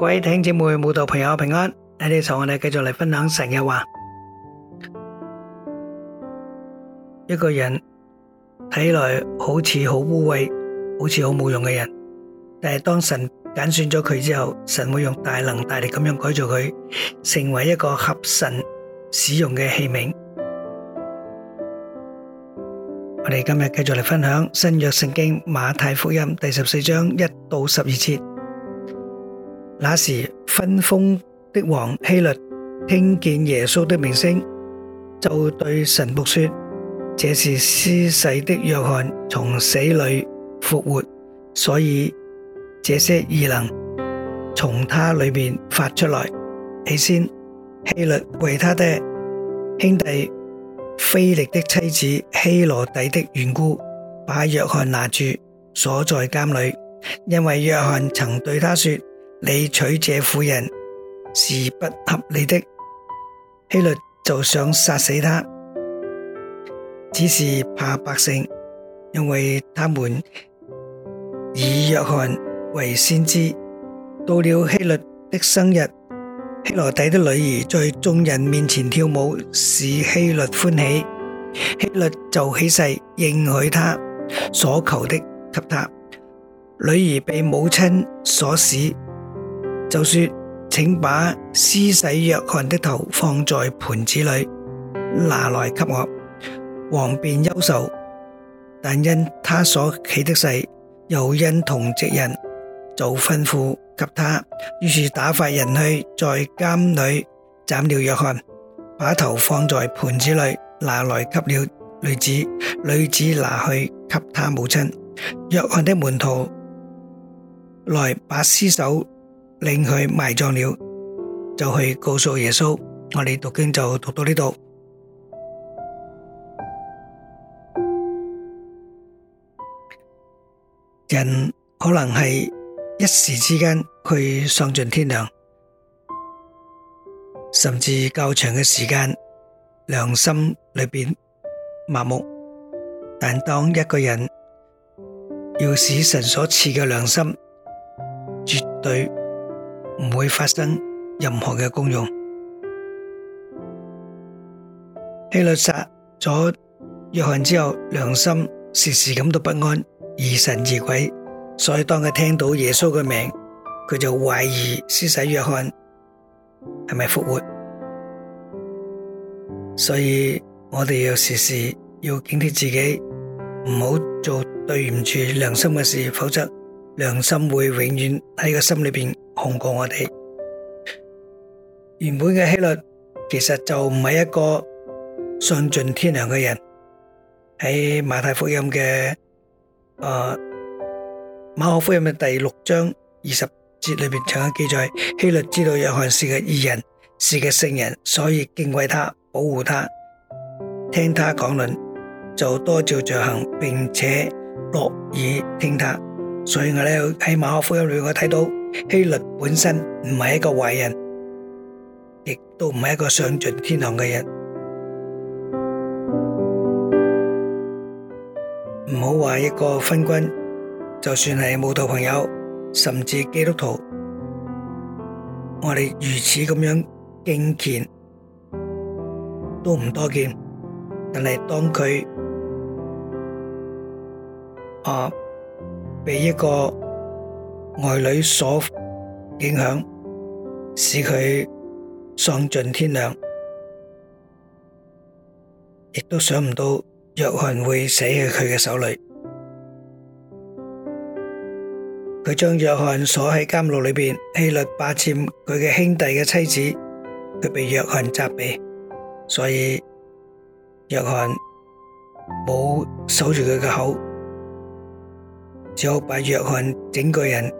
各位弟兄姐妹、慕道朋友平安，喺呢度我哋繼續嚟分享神嘅話，一個人睇嚟好似好污穢，好似好冇用嘅人，但係當神揀選咗佢之後，神會用大能大力咁樣改造佢，成為一個合神使用嘅器皿。我哋今日繼續嚟分享新約聖經馬太福音第十四章一到十二節。那時分封的王希律聽見耶穌的名聲，就對臣僕說：這是施洗的約翰從死裏復活，所以這些異能從他裏面發出來。起先，希律為他的兄弟腓力的妻子希羅底的緣故，把約翰拿住鎖在監裏，因為約翰曾對他說。你娶這婦人是不合理的，希律就想殺死他，只是怕百姓，因為他們以約翰為先知。到了希律的生日，希羅底的女兒在眾人面前跳舞，使希律歡喜，希律就起誓應許他所求的給他。女兒被母親所使。就說，請把施洗約翰的頭放在盤子裏，拿來給我。王便憂愁，但因他所起的誓，又因同席人就吩咐給他，於是打發人去在監裏斬了約翰，把頭放在盤子裏拿來給了女子，女子拿去給他母親。約翰的門徒來把屍首。令佢埋葬了，就去告訴耶穌。我哋讀經就讀到呢度。人可能係一時之間去喪盡天良，甚至較長嘅時間良心裏邊麻木。但當一個人要使神所賜嘅良心絕對。唔會發生任何嘅功用。希律殺咗約翰之後，良心時時感到不安，疑神疑鬼，所以當佢聽到耶穌嘅名，佢就懷疑施洗約翰係咪復活。所以我哋要時時要警惕自己，唔好做對唔住良心嘅事，否則良心會永遠喺個心裏面。控過我哋，原本嘅希律其實就唔係一個喪盡天良嘅人。喺馬太福音嘅誒、呃，馬可福音嘅第六章二十節裏邊，曾經記載，希律知道約翰是個義人，是個聖人，所以敬畏他，保護他，聽他講論，就多照着行，並且樂意聽他。所以我咧喺馬可福音裏我睇到。希律本身唔係一個壞人，亦都唔係一個上盡天堂嘅人。唔好話一個昏君，就算係慕道朋友，甚至基督徒，我哋如此咁樣敬虔都唔多見。但係當佢啊俾一個。外女所影響，使佢喪盡天良，亦都想唔到約翰會死喺佢嘅手裏。佢將約翰鎖喺監牢裏邊，希律霸佔佢嘅兄弟嘅妻子，佢被約翰責備，所以約翰冇守住佢嘅口，只好把約翰整個人。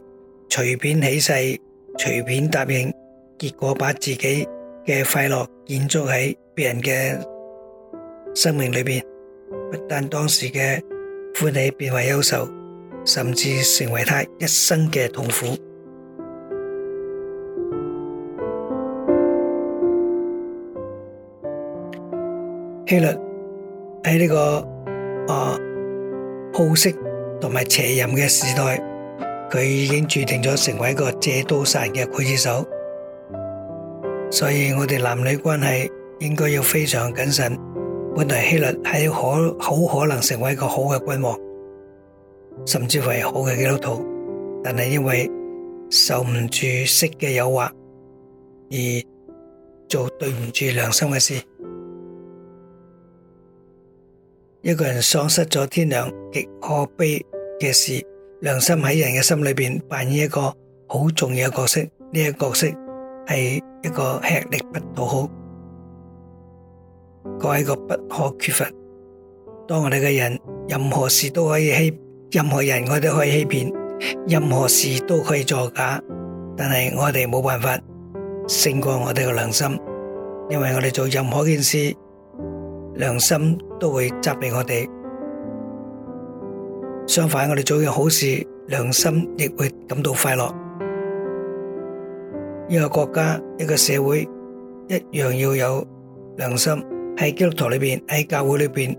隨便起誓，隨便答應，結果把自己嘅快樂建築喺別人嘅生命裏面。不但當時嘅歡喜變為憂愁，甚至成為他一生嘅痛苦。希律喺呢個啊好色同埋邪淫嘅時代。佢已經註定咗成為一個借刀殺人嘅劊子手，所以我哋男女關係應該要非常謹慎。本來希律係可好可能成為一個好嘅君王，甚至為好嘅基督徒，但係因為受唔住色嘅誘惑而做對唔住良心嘅事，一個人喪失咗天良，極可悲嘅事。良心喺人嘅心裏邊扮演一個好重要嘅角色，呢個角色係一個吃力不討好，佢係一個不可缺乏。當我哋嘅人任何事都可以欺，任何人我哋都可以欺騙，任何事都可以作假，但係我哋冇辦法勝過我哋嘅良心，因為我哋做任何件事，良心都會責備我哋。相反，我哋做嘅好事，良心亦會感到快樂。一個國家、一個社會一樣要有良心。喺基督徒裏邊、喺教會裏邊，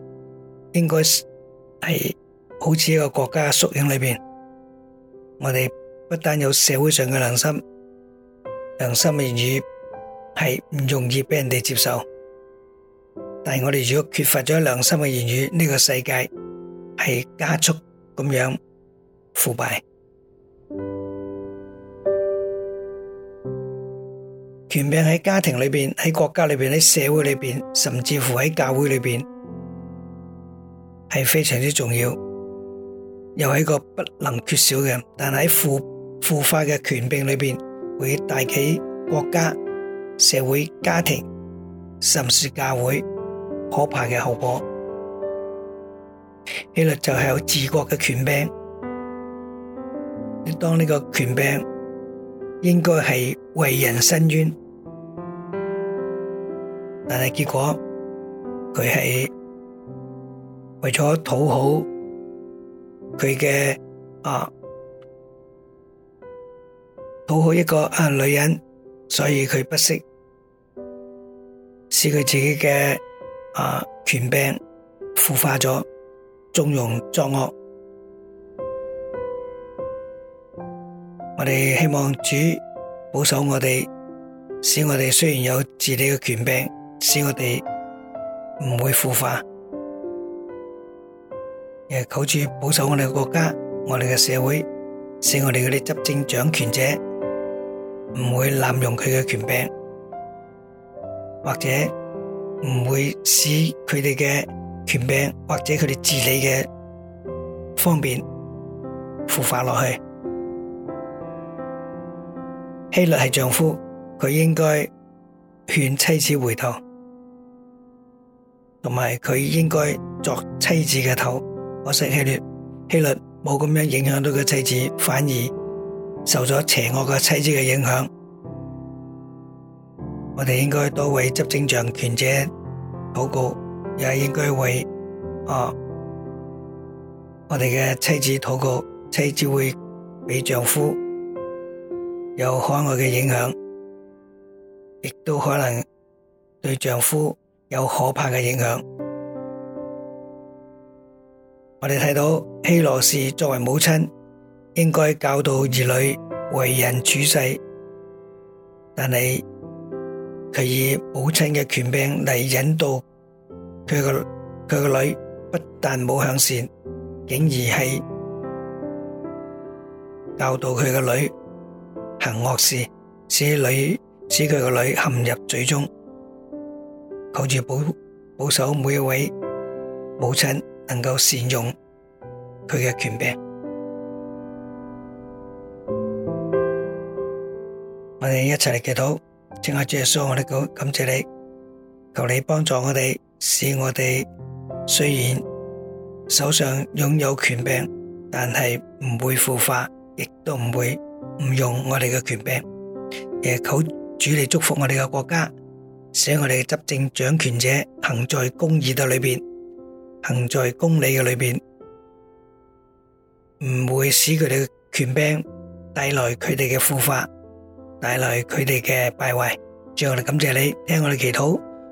應該係好似一個國家縮影裏邊。我哋不單有社會上嘅良心，良心嘅言語係唔容易俾人哋接受。但係我哋如果缺乏咗良心嘅言語，呢個世界係加速咁樣腐敗，權柄喺家庭裏邊、喺國家裏邊、喺社會裏邊，甚至乎喺教會裏邊，係非常之重要，又係個不能缺少嘅。但喺腐腐化嘅權柄裏邊，會帶起國家、社會、家庭，甚至教會可怕嘅後果。希律就係有治國嘅權柄，你當呢個權柄應該係為人伸冤，但係結果佢係為咗討好佢嘅，啊討好一個啊女人，所以佢不惜使佢自己嘅啊權柄腐化咗。縱容作惡，我哋希望主保守我哋，使我哋雖然有治理嘅權柄，使我哋唔會腐化。誒，求主保守我哋嘅國家，我哋嘅社會，使我哋嗰啲執政掌權者唔會濫用佢嘅權柄，或者唔會使佢哋嘅。權柄或者佢哋治理嘅方便，腐化落去。希律係丈夫，佢應該勸妻子回頭，同埋佢應該作妻子嘅頭。可惜希律，希律冇咁樣影響到佢妻子，反而受咗邪惡嘅妻子嘅影響。我哋應該多為執政掌權者禱告。也應該為啊我哋嘅妻子禱告，妻子會俾丈夫有可愛嘅影響，亦都可能對丈夫有可怕嘅影響。我哋睇到希羅士作為母親，應該教導兒女為人處世，但係佢以母親嘅權柄嚟引導。佢個佢個女不但冇向善，竟然係教導佢個女行惡事，使女，使佢個女陷入罪中。求主保，保守每一位母親能夠善用佢嘅權柄。 我哋一齊嚟祈禱，敬愛主耶穌，我哋感感謝你，求你幫助我哋。使我哋雖然手上擁有權柄，但係唔會腐化，亦都唔會唔用我哋嘅權柄。誒，求主嚟祝福我哋嘅國家，使我哋嘅執政掌權者行在公義嘅裏邊，行在公理嘅裏邊，唔會使佢哋嘅權柄帶來佢哋嘅腐化，帶來佢哋嘅敗壞。最後嚟感謝你，聽我哋祈禱。